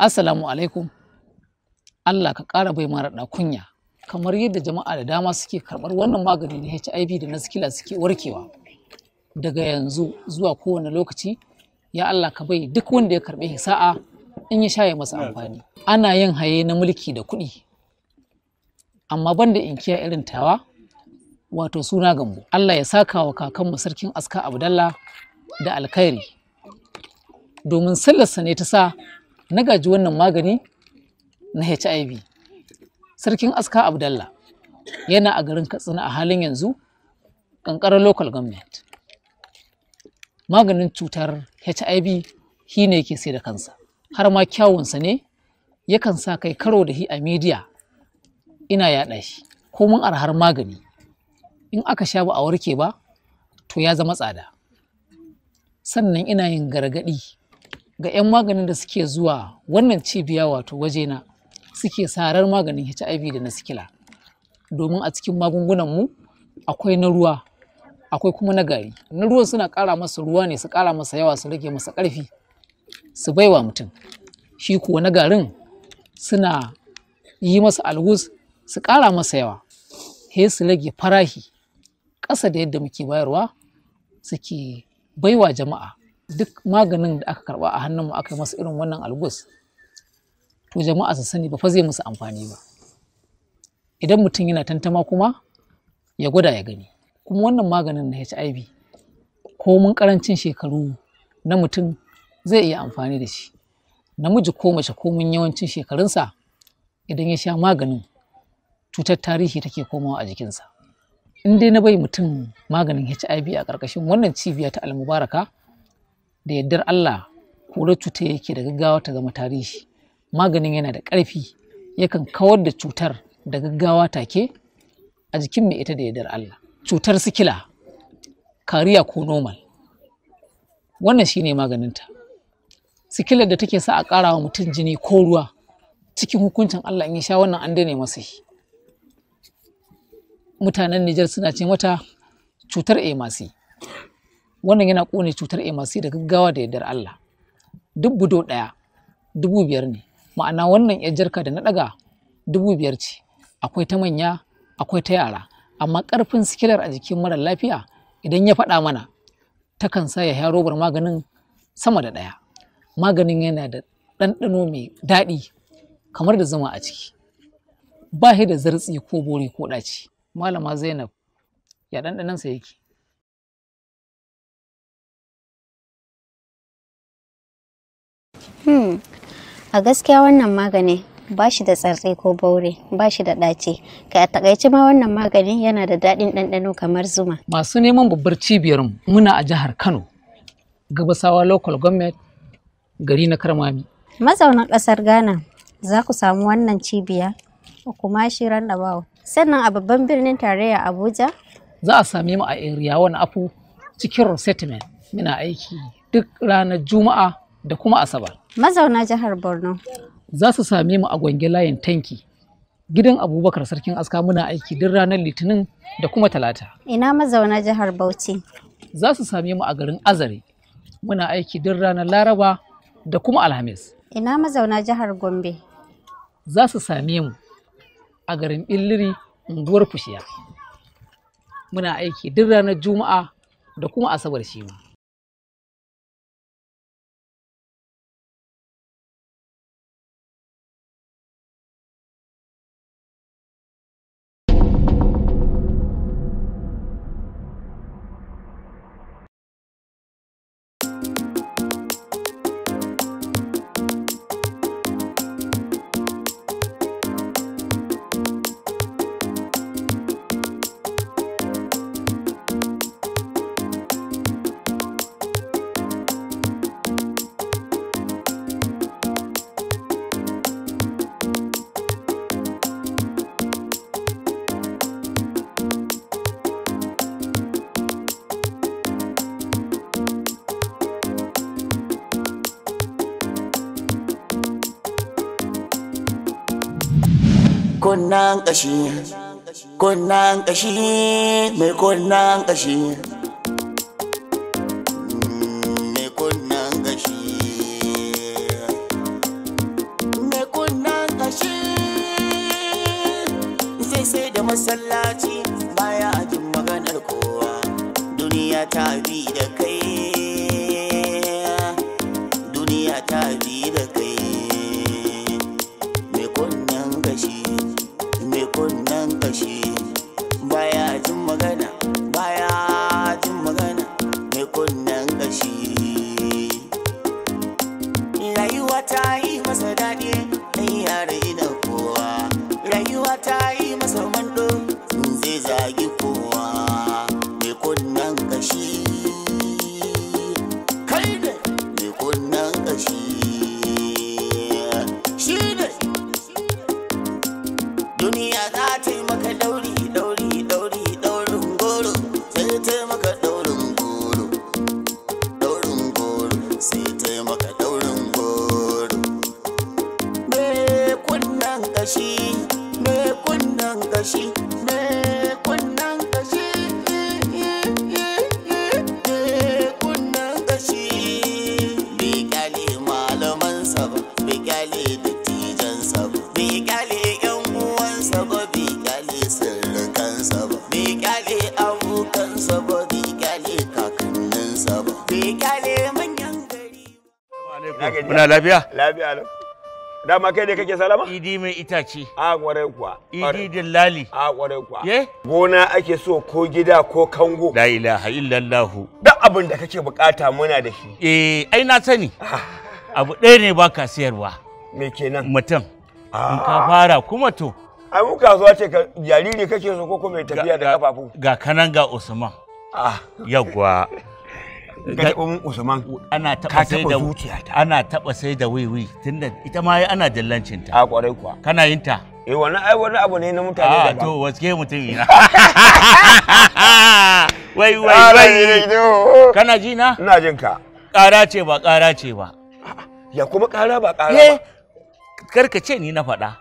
Assalamu alaikum. Allah ka ƙara bai mara da kunya. Kamar yadda jama'a da dama suke karɓar wannan magani na HIV da na sikila suke warkewa. Daga yanzu zuwa kowane lokaci, ya Allah ka bai duk wanda ya karɓe sa'a in ya shaye masa amfani. Ana yin haye na mulki da kuɗi. Amma banda in inkiya irin tawa, wato suna gambo. Allah ya saka wa kakanmu sarkin aska Abdallah da alkhairi. Domin sallarsa ne ta sa na gaji wannan magani na HIV. Sarkin Aska Abdallah yana a garin Katsina a halin yanzu ƙanƙarar local government. Maganin cutar HIV shi ne yake sai da kansa, har ma kyawunsa ne yakan sa kai karo da hi a media ina yaɗa shi, ko mun arhar magani. In aka sha ba a warke ba, to ya zama tsada. Sannan ina yin gargaɗi ga 'yan maganin da suke zuwa wannan cibiya wato waje na suke sarar maganin HIV da na sikila domin a cikin magungunan mu akwai na ruwa akwai kuma na gari na ruwan suna ƙara masa ruwa ne su ƙara masa yawa su rage masa ƙarfi su baiwa mutum shi kuwa na garin suna yi masa algus su ƙara masa yawa he su rage farahi ƙasa da yadda muke bayarwa suke baiwa jama'a duk maganin da aka karba a hannun mu aka masa irin wannan algus to jama'a su sani ba fa zai musu amfani ba idan mutum yana tantama kuma ya gwada ya gani kuma wannan maganin na HIV ko mun karancin shekaru na mutum zai iya amfani da shi namiji ko mace ko mun yawancin shekarunsa idan ya sha maganin cutar tarihi take komawa a jikinsa in dai na bai mutum maganin HIV a ƙarƙashin wannan cibiya ta almubaraka da yardar Allah kura cutar yake da gaggawa ta zama tarihi maganin yana da ƙarfi yakan kawar da cutar da gaggawa take a jikin mai ita da yardar Allah cutar sikila kariya ko normal wannan shine maganinta sikilar da take sa a ƙara mutum jini ko ruwa cikin hukuncin Allah in ya sha wannan an daina masa mutanen Nijar suna ce mata cutar emasi wannan yana kone cutar AMC da gaggawa da yardar Allah duk budo ɗaya dubu biyar ne ma'ana wannan yar jarka da na ɗaga dubu biyar ce akwai ta manya akwai ta yara amma ƙarfin sikilar a jikin mara lafiya idan ya faɗa mana takan sa ya sha robar maganin sama da ɗaya maganin yana da ɗanɗano mai daɗi kamar da zama a ciki ba da zartsi ko bore ko ɗaci malama zainab ya ɗanɗanansa yake Hmm. a gaskiya wannan magani ba shi da tsartse ko baure ba shi da ɗaci kai a takaice ma wannan magani yana da daɗin ɗanɗano kamar zuma masu neman babbar cibiyar muna a jihar kano gabasawa local government gari na karmami mazaunan ƙasar ghana za ku samu wannan cibiya kuma shi randabawa sannan a babban birnin tarayya abuja za a same mu a area wani afu cikin resettlement muna aiki duk ranar juma'a da kuma asabar. Mazauna jihar Borno. Za su same mu a gwange layin tanki gidan abubakar sarkin aska muna aiki duk ranar litinin da kuma talata. Ina mazauna jihar Bauchi. Za su same mu a garin Azare muna aiki duk ranar Laraba da kuma Alhamis. Ina mazauna jihar Gombe. Za su same mu a garin Billiri unguwar Fushiya. Muna aiki duk ranar Juma'a da kuma Asabar shi ma. kunnan kashi kunnan kashi mai kunnan kashi duniya za ta lafiya? Lafiya lau. Dama kai ne kake salama? Idi mai itace. A kwarai kuwa. Idi dillali. A kwarai kuwa. Ye? Gona ake so ko gida ko kango. La ilaha illallah. Duk abin da kake bukata muna da shi. Eh, ai na sani. Ah. Abu ɗaya ne baka siyarwa. Me kenan? Mutum. Ah. In ka fara kuma to. Ai mu kasuwa ce ka jariri kake so ko kuma mai tafiya da kafafu. Ga kanan ga Usman. Ah. Yawwa. gaɗin usman ana taɓa sai da ana taɓa sai da wiwi tunda ita ma ana dillancin ta a ƙwarai kuwa kana yin ta eh wani ai wani abu ne na mutane ah, da ba to waske mutum ina wai wai wai kana ji na ina jin ka ƙara ce ba ƙara ce ba ya kuma ƙara ba ƙara ba karka ce ni na faɗa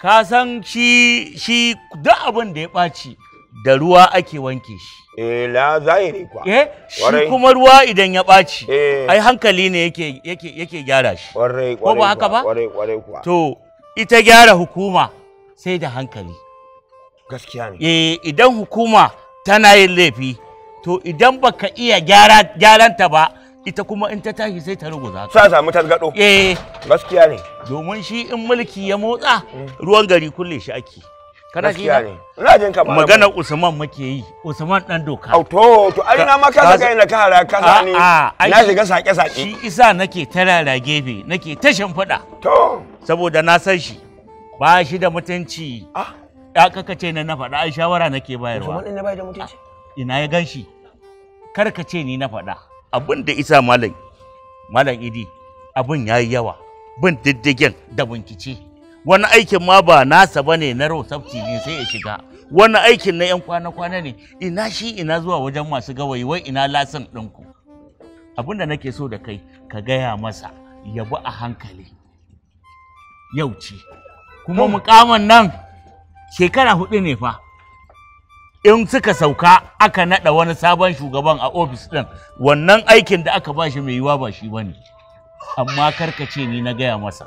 ka san shi shi duk abin da ya ɓaci da ruwa ake wanke shi. Eh la zahiri kwa. Eh shi kuma ruwa idan ya ɓaci. Eh. Ai hankali ne yake yake yake gyara shi. Kwarai kwarai. Ko ba haka ba? Kwarai kwarai kwa. To ita gyara hukuma sai da hankali. Gaskiya ne. Eh idan hukuma tana yin laifi to idan baka iya gyara gyaranta ba ita kuma in ta tashi sai ta ruguza ka. Sa samu tasgado. Eh. Gaskiya ne. Domin shi in mulki ya motsa mm. ruwan gari kulle shi ake. kana ji ina jin ka magana Usman muke yi Usman dan doka au to to ai na ma ka saka ina ka hara ka sani na shiga sake sake shi isa nake tarara gefe nake ta shimfiɗa to saboda na san shi ba shi da mutunci ah ya kaka ce na faɗa ai shawara nake bayarwa Usman ne bai da mutunci ina ya ganshi kar ka ce ni na faɗa abin da isa malam malam idi abin yayi yawa bin diddigen da bincike wani aikin ma ba nasa bane na rosaf tv sai ya shiga wani aikin na yan kwana-kwana ne ina shi ina zuwa wajen masu gawayi wai ina lasin ɗinku abin da nake so da kai ka gaya masa ya bi a hankali yau ce kuma oh. mukaman nan shekara hudu ne fa in suka sauka aka naɗa wani sabon shugaban a ofis ɗin wannan aikin da aka ba shi mai yiwa ba shi ba ne amma karkace ni na gaya masa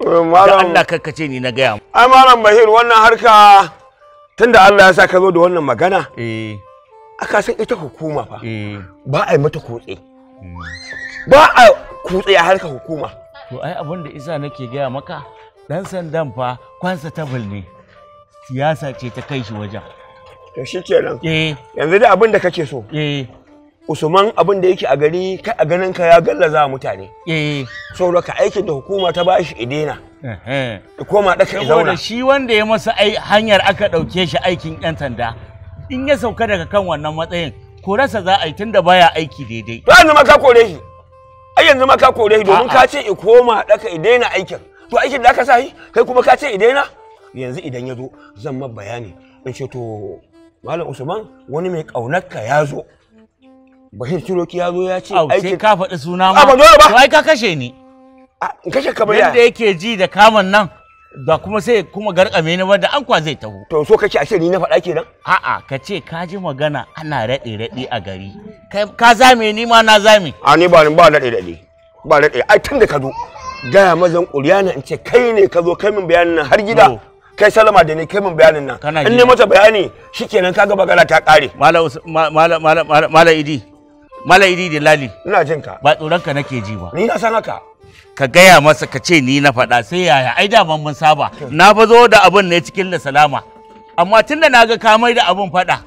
da Allah karkace ni na gaya ai malam bahir wannan harka tunda Allah ya sa ka zo da wannan magana eh aka san ita hukuma fa eh. ba a yi mata kutse hmm. ba a kutse a harka hukuma to ai abin da isa nake gaya maka dan sandan fa kwansa tabul ne siyasa ce ta kai shi wajen to shikenan eh yanzu da abin da kake so eh Usman abin da yake a gari kai a ganin ka ya gallaza mutane. Eh. Saboda ka aikin da hukuma ta ba shi idena. Eh. Koma daka zauna. Saboda shi wanda ya masa ai hanyar aka dauke shi aikin yan sanda. In ya sauka daga kan wannan matsayin rasa za a yi tunda baya aiki daidai. To yanzu ma ka kore shi. Ai yanzu ma ka kore shi domin ka ce i koma daka idena aikin. To aikin da aka sa yi, kai kuma ka ce idena. Yanzu idan ya zo zan ma bayani in ce to Malam Usman wani mai kaunarka ya zo. Bahir Kiroki ya zo ya ce aikin ka faɗi suna ma. Ba dole ba. Wai ka kashe ni. In kashe ka bayan. Yadda yake ji da kaman nan da kuma sai kuma garkame ni wanda an kwa zai taho. To so kace a ce ni na faɗa kenan? A'a ka ce ka ji magana ana raɗe raɗe a gari. Ka zame ni ma na zame. A ni ba ni ba raɗe raɗe. Ba raɗe ai tun da ka zo. Gaya mazan ƙuryana in ce kai ne ka zo kai min bayanin nan har gida. kai salama da ni kai min bayanin nan in ne mata bayani shikenan kaga bagala ta kare malam malam malam idi Malaidi da Lali. Ina jin ka. Ba tsoron ka nake ji ba. Ni na san haka. Ka gaya masa ka ce ni na faɗa sai yaya ai da mun saba. Na fa zo da abin ne cikin da salama. Amma tunda na ga ka mai da abin faɗa.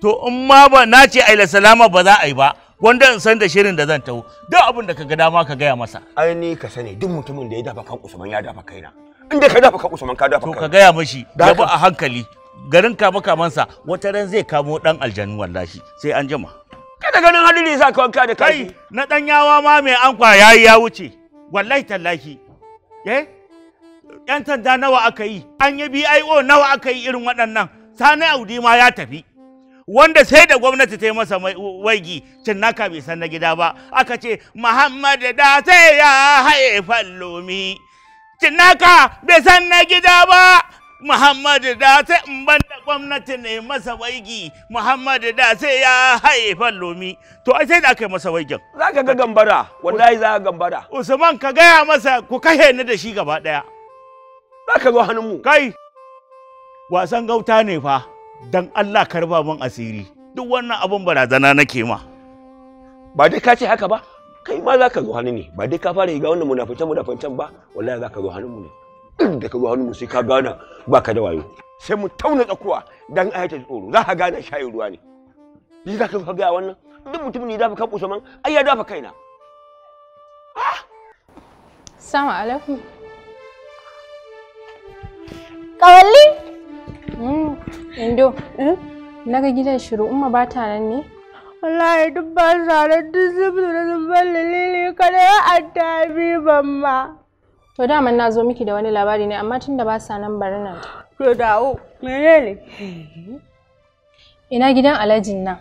To in ma ba na ce ai la salama ba za a yi ba. Wanda in san da shirin da zan tawo Duk abin da ka ga dama ka gaya masa. Ai ni ka sani duk mutumin da ya dafa kan Usman ya dafa kaina. Inda ka dafa kan Usman ka dafa kaina. To ka gaya mishi ya bi a hankali. Garin kama sa, wata ran zai kamo dan aljanu wallahi sai an jima. kada ganin hadiri sa ka wanka da kai na dan yawa ma mai ankwa yayi ya wuce wallahi tallahi eh yan tanda nawa aka yi an yi BIO nawa aka yi irin waɗannan sani audi ma ya tafi wanda sai da gwamnati ta yi masa waigi cinnaka bai san na gida ba aka ce muhammad da sai ya haifa lomi cinnaka bai san na gida ba Muhammadu da sai in banda gwamnati ne masa waigi Muhammadu da sai ya haifa lomi to ai sai da aka yi masa waigin za ka ga gambara wallahi za ka gambara Usman ka gaya masa ku kahe ni da shi gaba daya za ka zo hannun mu kai wasan gauta ne fa dan Allah karba mun asiri duk wannan abun barazana nake ma ba dai ka ce haka ba kai ma za ka zo hannun ne ba dai ka fara ga wannan munafice munafincen ba wallahi za ka zo hannun mu ne daga wani ruwa mu ka gana ba ka da wayo sai mu tauna tsakuwa dan aya ta tsoro za ka gane shayi ruwa ne shi za ka fa ga wannan duk mutum ne dafa kan usman ai ya dafa kaina Assalamu alaikum Kawalli hmm, indo eh? na ga gidan shiru umma ba ta nan ne wallahi duk ba sa duk zubu da zubin lili kada ya addabi ban ma To daman na zo miki da wani labari ne amma tunda ba sa nan bari nan. To dawo, menene? Ina gidan alajin nan.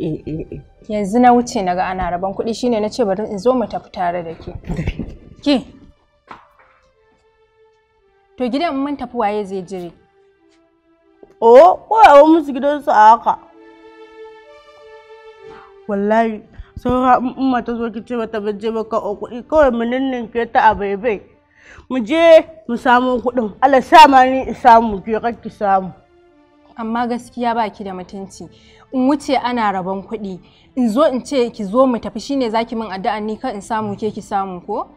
Eh, eh, eh. Yanzu na wuce naga ana rabon kuɗi shine na ce bari in zo mu tafi tare da ke. Ke. To gidan mun tafi waye zai jire? Oh, ko a musu gidansu a haka. Wallahi saura in umma ta zo ki ce mata ban je maka o kuɗi kawai mu ninninke ta a baibai mu je mu samu kuɗin Allah sa ma ni in samu ke ki samu amma gaskiya baki da mutunci in wuce ana rabon kuɗi in zo in ce ki zo mu tafi shine zaki min addu'a ni kan in samu ke ki samu ko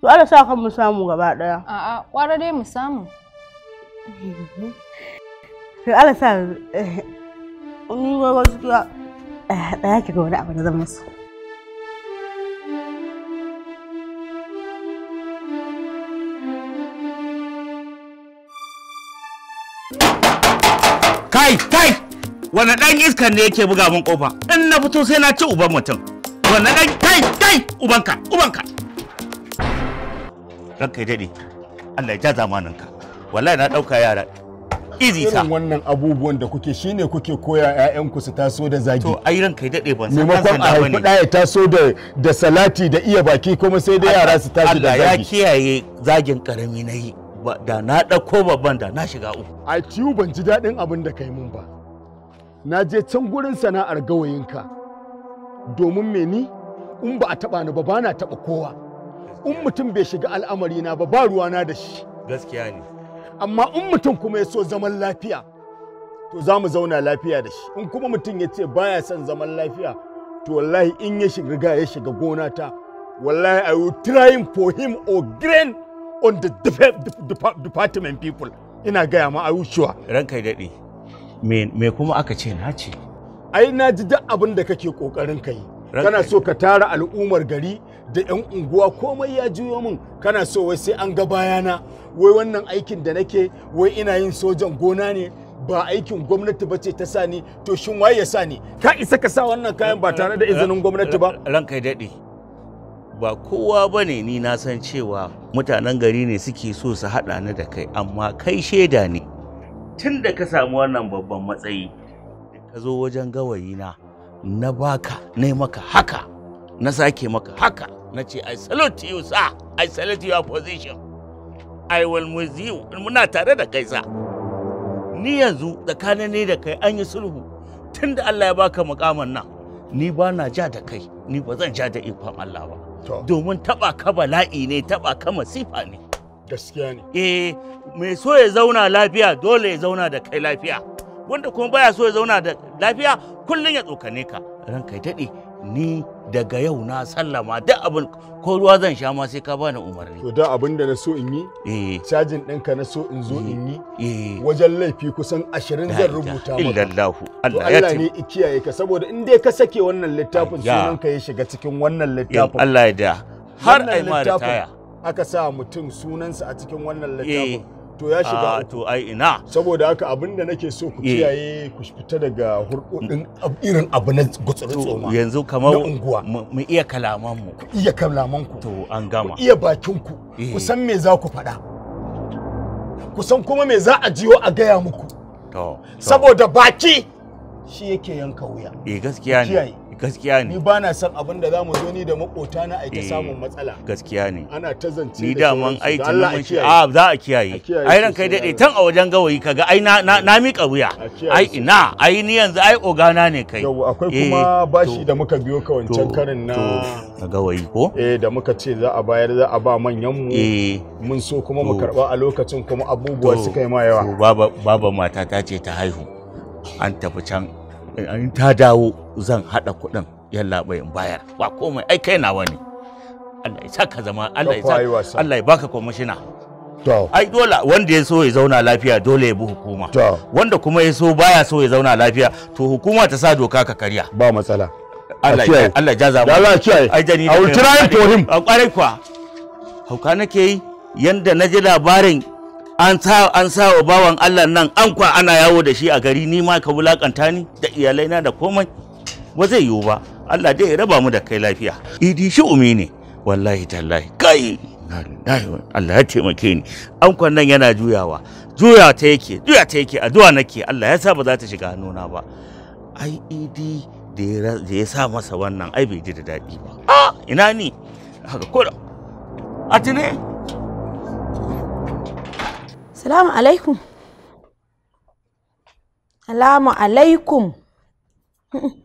to Allah sa kan mu samu gaba daya a'a kwara dai mu samu to Allah sa eh, eh, ni gaskiya ɗaya ki ga wani abu da zan musu kai kai wani ɗan iskan ne yake buga min ƙofa? in na fito sai na ci uban mutum wani ɗan kai kai ubanka ubanka ranka ya daɗe Allah ya ja zamaninka wallahi na ɗauka yara izita irin wannan abubuwan da kuke shine kuke koya ƴaƴanku su taso da zagi to ai kai dade ban san maimakon a haifi ya taso da da salati da iya baki kuma sai da yara su taso da zagi Allah ya kiyaye zagin karami nayi da na ɗauko babban da na shiga uku a ciwo ban ji daɗin abin da kai mun ba na je can gurin sana'ar gawayinka domin me ni in ba a taɓa ni ba ba na taɓa kowa in mutum bai shiga al'amari na ba ba ruwana da shi gaskiya ne amma in mutum kuma ya so zaman lafiya to za mu zauna lafiya da shi in kuma mutum ya ce baya son zaman lafiya to wallahi in ya shiga ya shiga gona ta wallahi i will trying for him or grain on the department people ina gaya ma ayushuwa ranka daɗi me kuma aka ce na ce ai na ji duk abin da kake kokarin kai kana so ka tara al'ummar gari da 'yan unguwa komai ya juyo min kana so wai sai an ga bayana wai wannan aikin da nake wai ina yin sojan gona ne ba aikin gwamnati ba ce ta sa ni to shin waye ya sa ni ka isa ka sa wannan kayan ba tare da izinin gwamnati ba ranka daɗe ba kowa ba ne ni na san cewa mutanen gari ne suke so su haɗa ni da kai amma kai shaida ne tun da ka samu wannan babban matsayi ka zo wajen gawayi na na baka na maka haka na sake maka haka na ce i salute you sir i salute your position i will with you muna tare da kai sa ni yanzu tsakanin ne da kai an yi sulhu tun da Allah ya baka mukamin nan ni ba na ja da kai ni ba zan ja da ikon Allah ba domin taba ka bala'i ne taba ka masifa ne gaskiya ne eh mai so ya zauna lafiya dole ya zauna da kai lafiya wanda kuma baya so ya zauna da lafiya kullun ya tsokane ka ranka dade ni daga yau na sallama duk abin ko ruwa zan sha ma sai ka bani umarni to da abin da na so in yi eh. cajin ɗinka na so in zo in yi eh. Eh. wajen laifi kusan 20 zan rubuta maka illallahu Allah ya ce ne kiyaye ka saboda in dai ka sake wannan littafin sunan ka ya shiga cikin wannan littafin Allah ya da har ai ma ritaya aka sa mutum sunansa a cikin wannan littafin to ya shiga ah, uku to ai ina saboda haka abin da nake so ku eh. kiyaye ku fita daga hurdodin irin abu na gutsuri tsoma yanzu kamar mu iya kalaman mu ku iya kalaman ku to an gama ku iya bakin ku eh. ku san me za ku faɗa ku san kuma me za a jiyo a gaya muku to saboda baki shi yake yanka wuya eh gaskiya ne gaskiya ne ni ba na son abin da zamu zo ni da makota na aika eh, samun matsala gaskiya ne ana ta zance ni da man ai tunanin shi a ah, za a kiyaye ai ran kai dade tan a wajen gawayi kaga ai na na mika wuya ai ina ai ni yanzu ai ogana ne kai yau akwai eh, kuma bashi da muka biyo ka wancan karin na gawayi ko eh da muka ce za a bayar za a ba manyan mu eh, mun so kuma mu karba a lokacin kuma abubuwa suka yi ma yawa baba baba mata ta ce ta haihu an tafi can an ta dawo zan haɗa kuɗin yalla bai in bayar ba komai ai kai nawa ne Allah ya saka zama Allah ya saka Allah ya baka kwamishina ai dole wanda ya so ya zauna lafiya dole ya bi hukuma wanda kuma ya so baya so ya zauna lafiya to hukuma ta sa doka ka karya ba matsala Allah ya Allah ya jaza mu Allah ya ai jani a will try to him a kwarai kwa hauka nake yi yanda na ji labarin an sa an sa wa bawan Allah nan an kwa ana yawo da shi a gari ni ma ka bulakanta ni da iyalaina da komai ba zai yiwu ba Allah dai ya raba mu da kai lafiya idi shi umi ne wallahi tallahi kai Allah ya taimake ni an kwannan yana juyawa juya ta yake juya ta yake addu'a nake Allah ya sa ba za ta shiga hannuna ba ai idi da ya sa masa wannan ai bai ji da daɗi ba a ina ni haka ko a tine salamu alaikum salamu alaikum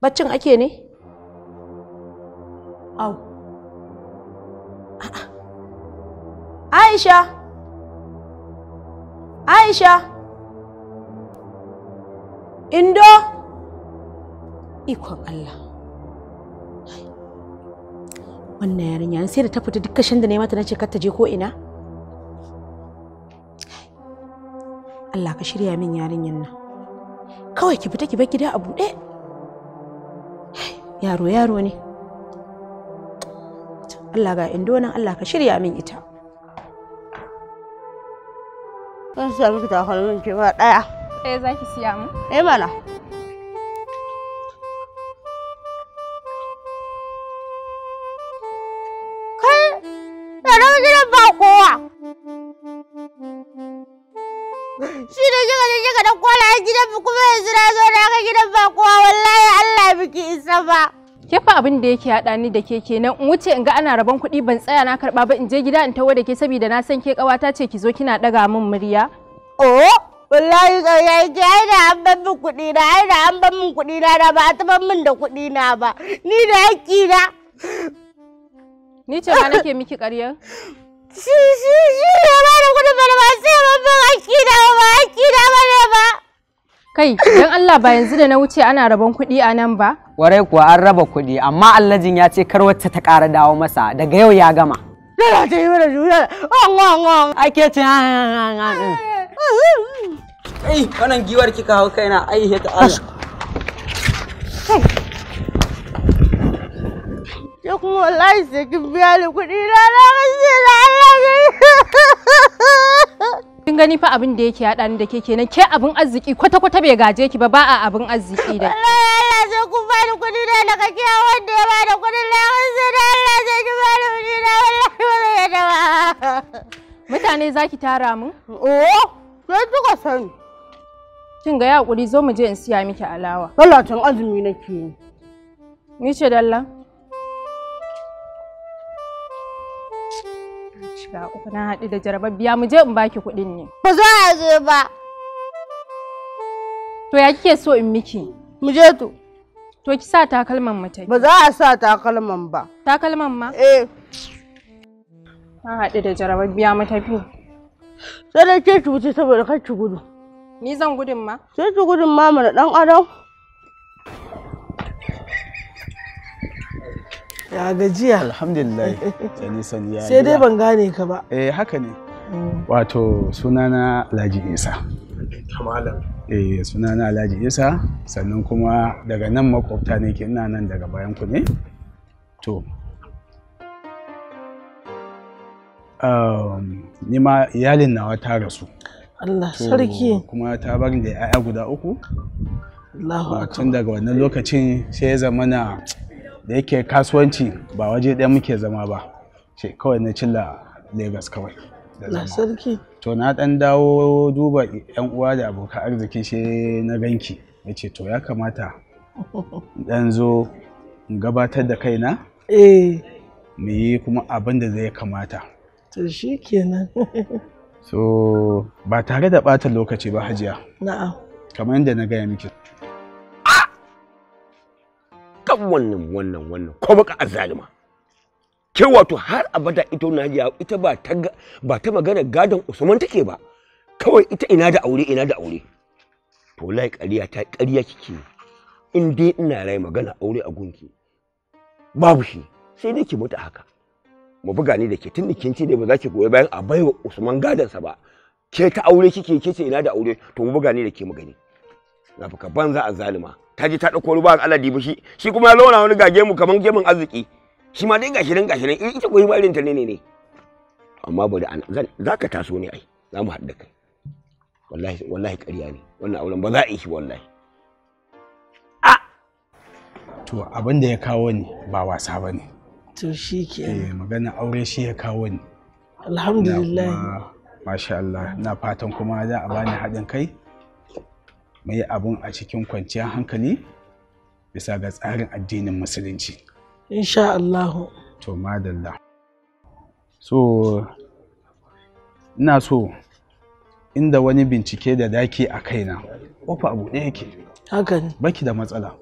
baccin ake ne? Au. Aisha! Aisha! Indo! Ikon Allah. Wannan yarinya sai da ta fita duk kashin da na yi mata na ce ta je ko ina? Allah ka shirya min yarinyan nan. Kawai ki fita ki bar gida a buɗe. yaro yaro ne Allah ga indonan Allah ka shirya min ita kan sami miki takalmin ke ba ɗaya. Ɗaya eh, za ki siya mu? Eh mana. Kai, da gidan ba kowa. Shi da kika je da kola gidan kuma yanzu na zo na ga gidan ba kowa wallahi Allah. ba. Ke fa abin da yake haɗa ni da ke kenan in wuce in ga ana rabon kuɗi ban tsaya na karɓa ba in je gida in tawo da ke saboda na san ke ƙawata ce ki zo kina ɗaga min murya. Oh, wallahi tsaye ke ai da an ban min kuɗi na ai da an ban min kuɗi na da ba a taɓa min da kuɗi na ba ni da haƙƙi na. Ni ce ma nake miki ƙarya. Shi shi shi ne ba da kuɗi ba da ba sai ban ban haƙƙi na ba haƙƙi na ba ne ba. Kai, don Allah ba yanzu da na wuce ana rabon kuɗi a nan ba? Warai kuwa an raba kuɗi, amma Allajin ya ce kar wacce ta ƙara dawo masa daga yau ya gama. Lala ta yi mana juna, Allah Ake ce ah, ah, ah, Ai, wannan giwar kika hau kaina, ai, ya ta Allah. Ya kuma wallahi sai kin biya ni kuɗi na na Allah kin gani fa abin da yake ya ni da ke kenan ke abin arziki kwata kwata bai gaje ki ba ba a abin arziki da Allah sai ku ba ni kuɗi da daga ke wanda ya ba da kuɗin lawan sai da Allah sai ki ba ni kudi da wallahi ba zai yadda ba mutane zaki tara mu oh sai kuka sani kin ga ya hakuri zo mu je in siya miki alawa talatin azumi nake ni ce dalla shiga uku na haɗu da jarababbiya mu je in baki kuɗin ne. Ba zo a zo ba. To ya kike so in miki? Mu je to. To ki sa takalman mu ta. Ba za a sa takalman ba. Takalman ma? Eh. Na haɗu da jarababbiya mu tafi. Sai da ke ki wuce saboda kar ki gudu. Ni zan gudun ma? Sai ki gudun ma mu da ɗan adam. ya gajiya alhamdulillah eh, eh, eh. sani sani ya sai dai ban gane ka ba eh haka ne mm. wato sunana alhaji isa kamalan eh sunana alhaji isa sannan kuma daga nan makwabta ne ke ina nan daga bayan ku ne to um, ma iyalin nawa ta rasu Allah sarki kuma ta bar da 'ya'ya guda uku tun daga wannan lokacin sai ya zamana da yake kasuwanci ba waje ɗaya muke zama ba ce kawai na cilla lagos kawai na sarki to na ɗan dawo duba yan uwa da abokan arziki shi na ganki ya ce to ya kamata ɗan zo gabatar da kaina eh mu yi kuma abin da zai kamata to shi kenan so ba tare da ɓata lokaci ba hajiya na'am kamar yadda na gaya miki kan wannan wannan wannan ko baka azalima ke wato har abada ita na hajiya ita ba ta ba ta magana gadon Usman take ba kawai ita ina da aure ina da aure to lai ƙarya ta ƙarya kike in dai ina rai magana aure a gunki babu shi sai dai ki mutu haka mu buga ni da ke tun kin ce ne ba za ki goyi bayan a baiwa Usman gadonsa ba ke ta aure kike ke ina da aure to mu buga ni da ke mu gani ka banza a zalima ta ji ta ɗauko ruba Allah dibi shi shi kuma ya launa wani gage mu kaman gemun arziki shi ma dai gashirin gashirin ita koyi barin ta ne ne amma bari an za ka taso ne ai za mu haɗa kai wallahi wallahi ƙarya ne wannan auren ba za a yi shi wallahi a to abin da ya kawo ni ba wasa ba ne to shi ke eh magana aure shi ya kawo ni alhamdulillah masha Allah na fatan kuma za a bani haɗin kai mu yi abun a cikin kwanciyar hankali bisa ga tsarin addinin musulunci insha Allah to madalla so ina so inda wani bincike da daki a kaina kofa abu ɗaya yake hakan baki da matsala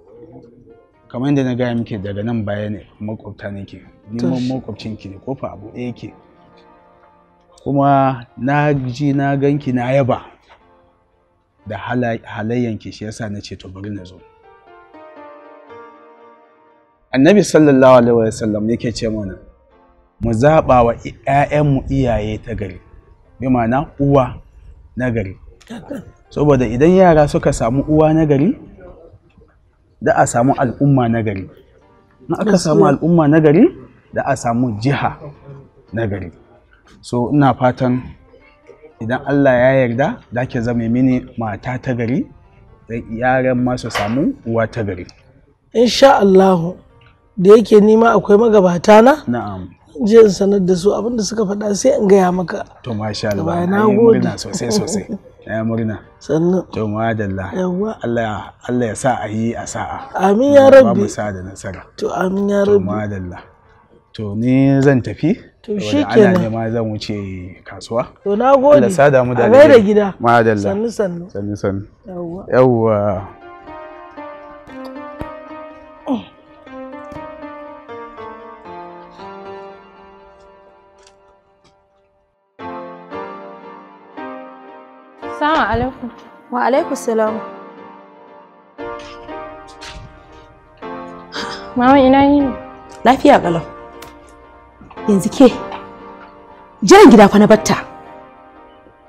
kamar yadda na gaya muke daga nan baya ne makwabta ne ke neman makwabcin ki ne kofa abu ɗaya yake kuma na ji na ganki na yaba da halayyan ki shi yasa na ce to bari na zo annabi sallallahu alaihi wa sallam yake ce mana mu zaɓa wa ƴaƴanmu iyaye ta gari bi ma'ana uwa na gari saboda idan yara suka samu uwa na gari da a samu al'umma na gari na aka samu al'umma na gari da a samu jiha na gari so ina fatan idan Allah ya yarda da ke zama mini mata ta gari zai yaran ma su samu uwa ta gari insha Allah da yake nima akwai magabata na na'am je in sanar da su abinda suka faɗa sai in gaya maka to masha Allah na gode sosai sosai ya murna sannan to madalla yawa Allah Allah ya sa ayi a sa'a amin ya rabbi ba mu sa da nasara to amin ya rabbi to madalla to ni zan tafi to shi kenan ana nema zan wuce kasuwa to na gode Allah sada mu da alheri da gida madalla sannu sannu sannu sannu yawwa yawwa Salamu alaikum. Wa alaikum salam. Mama ina yini? Lafiya kalau. yanzu ke jiran gida fa na batta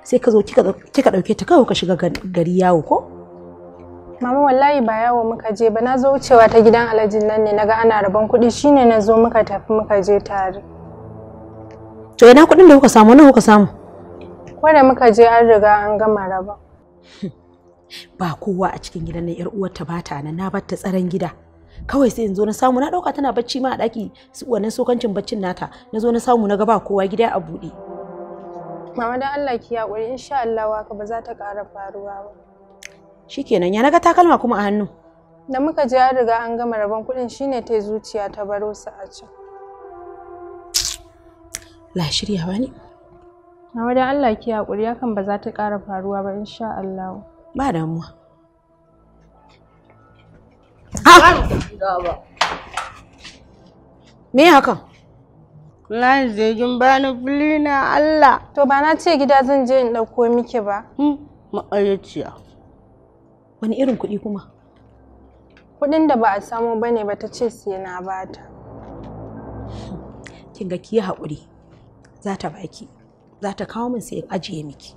sai ka zo kika dauke ta kawo ka shiga gari yawo ko mama wallahi ba yawo muka je ba na zo wucewa ta gidan alhaji nan ne naga ana rabon kuɗi shine na zo muka tafi muka je tare to ina kuɗin da kuka samu nan kuka samu wanda muka je an riga an gama raba ba kowa a cikin gidan nan yar uwarta bata nan na batta tsaron gida kawai sai in zo na samu na dauka tana bacci ma a daki wannan sokancin baccin nata na zo na samu na ga ba kowa gida a bude mama dan Allah ki hakuri insha Allah waka ba za ta ƙara faruwa ba shikenan ya naga takalma kuma a hannu da muka je an riga an gama rabon kuɗin shine ta zuciya ta baro su a can la shirya ba ne mama dan Allah ki hakuri hakan ba za ta ƙara faruwa ba insha Allah ba damuwa Me haka? Wallahi zai bani fili na Allah. To ba na ce gida zan je in ɗauko miki ba. Hmm, Ma'ayyaciya. Wani irin kuɗi kuma? Kuɗin da ba a samu ba ba ta ce sai na bata. Kin ga ki haƙuri. Za ta baki. Za ta kawo min sai ajiye miki.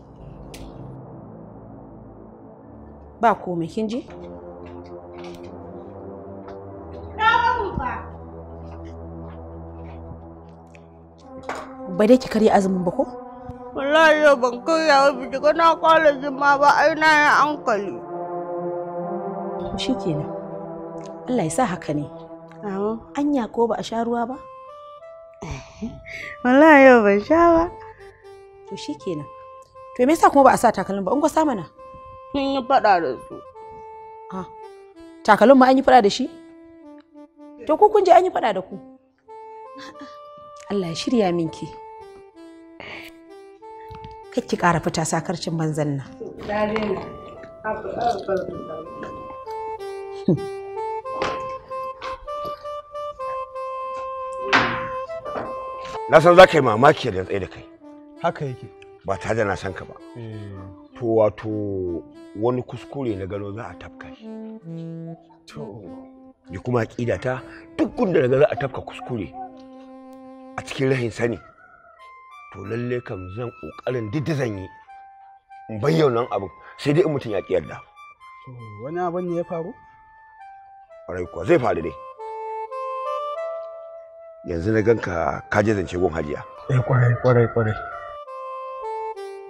Ba komai kin je. ba dai ki karya azumin ba ko wallahi yau ban karya ba ki ga na kwala zuma ba ai na yi Shi shikenan Allah ya sa haka ne anya ko ba a sha ruwa ba wallahi yau ban sha ba to shikenan to me yasa kuma ba a sa takalmin ba in gwasa mana sun yi fada da su takalmin ma an yi fada da shi to ku kun je an yi fada da ku Allah ya shirya minki. Kai ki ƙara fita sakarcin banzan nan. Na san za ka yi mamaki da tsaye da kai. Haka yake. Ba ta da na san ka ba. Eh. To wato wani kuskure na gano za a tafka shi. To. Ni kuma aƙidata duk gunda na za a tafka kuskure a cikin rahin sani. to lalle kam zan ƙoƙarin duk da zan yi in bayyana abin sai dai in mutum ya ƙi yarda. wani abin ne ya faru? ƙwarai kuwa zai faru dai. yanzu na ganka ka je zance gon hajiya. Eh ƙwarai-ƙwarai. kwarai.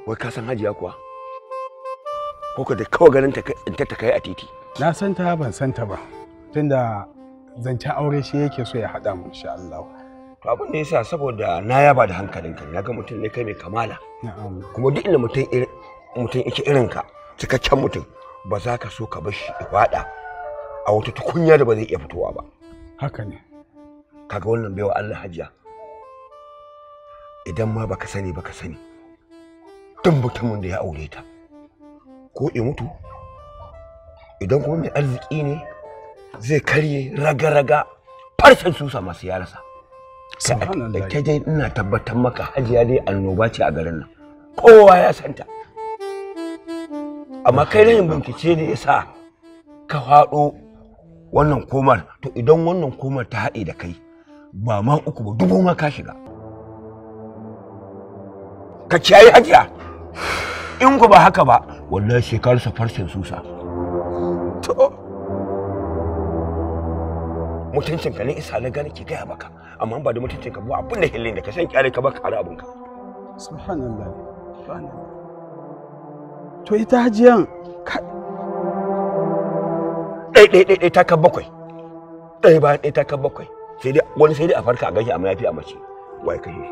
Wai ka san hajiya kuwa? Ko ka da kawai ganin ta ta kai a titi. Na san ta ban san ta ba. Tunda zancen aure shi yake so ya haɗa mu insha Allah. to abin da yasa saboda na yaba da hankalinka na ga mutum ne kai mai kamala kuma duk inda mutum mutum yake irin ka cikakken mutum ba za ka so ka bar shi ya fada a wata tukunya da ba zai iya fitowa ba haka ne kaga wannan baiwa Allah hajiya idan ma baka sani baka sani duk mutumin da ya aure ta ko ya mutu idan kuma mai arziki ne zai karye raga-raga farcen susa masu yarasa. ta dai ina tabbatar maka hajiya dai annoba ce a garin nan kowa ya santa amma kai rayin bincike ne ya sa ka faɗo wannan komar to idan wannan komar ta haɗe da kai ba ma uku ba dubu ma ka shiga ka ciyayi hajiya in ku ba haka ba wallahi shekarsa farcen susa to mutuncin ka ne isa na gani ki gaya maka amma ba da mutuncin ka ba abin da hillin da ka san kyare ka baka ara abin ka subhanallah subhanallah to ita hajiyan ka dai dai dai ta ka bakwai dai ba dai ta ka bakwai sai dai wani sai dai a farka a gashi amma yafi a mace wai kai shi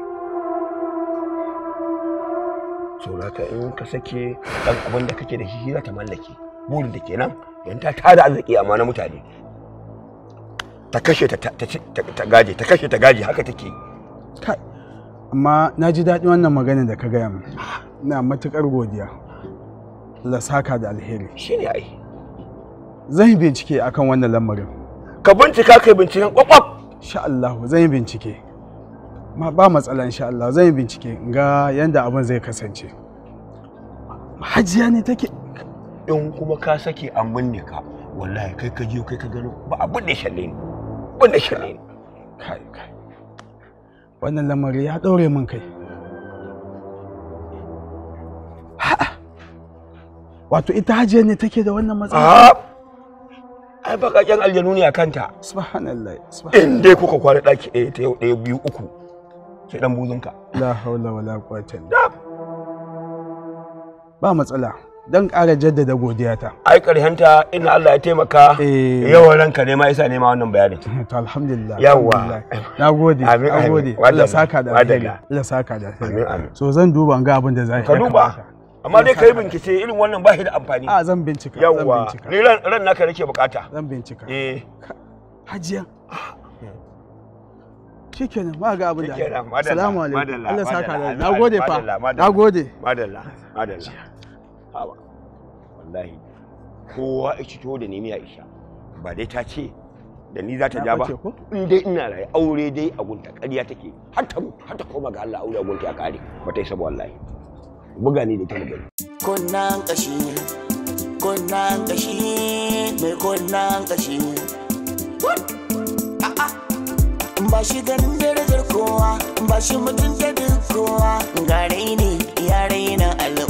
so ka in ka sake dan abin da kake da shi za ta mallake burin da kenan yan ta tada arziki amma na mutane ta kashe ta gaje ta kashe ta gaje haka take amma na ji daɗi wannan magana da ka gaya min na matuƙar godiya lasaka saka da alheri shine ai zan yi bincike akan wannan lamarin ka bincika kai binciken kwakwaf insha Allah zan yi bincike ma ba matsala insha Allah zan yi bincike ga yanda abin zai kasance hajiya ne take in kuma ka sake an binne ka wallahi kai ka je kai ka gano ba abin da shalle ne abin da ne kai kai wannan lamari ya daure min kai wato ita hajiya ne take da wannan matsala ai bakaken aljanu ne a kanta subhanallah in dai kuka kwana daki ɗaya ta yau ɗaya biyu uku sai dan buzunka la haula wala quwwata ba matsala don ƙara jaddada godiyata. Ai ƙarshenta ina Allah ya taimaka eh. yawan ranka ne ma isa nema wannan bayanin. To alhamdulillah. Yawwa. Na gode. Amin gode. Allah saka da alheri. Allah saka da alheri. Amin amin. So zan duba in ga abin da zai. Ka duba. Amma dai kai bincike irin wannan ba shi da amfani. A ah, zan bincika. Yawwa. Ni ran naka nake bukata. Zan bincika. Eh. Hajiya. shikenan ma ga abin da. Shikenan. Madalla. Madalla. Allah saka da. Na gode fa. Na gode. Madalla. Madalla. Awa, wallahi kowa ya cito da nemi Aisha ba dai ta ce da ni za ta ja ba in dai ina raye aure dai a gunta ƙarya take har ta mutu har ta koma ga Allah aure a gunta ya kare ba ta yi sabo wallahi buga ni da ta gani kunnan kashi kunnan kashi mai kunnan kashi ba shi ganin darajar kowa ba shi mutunta duk kowa ga raini ya raina alu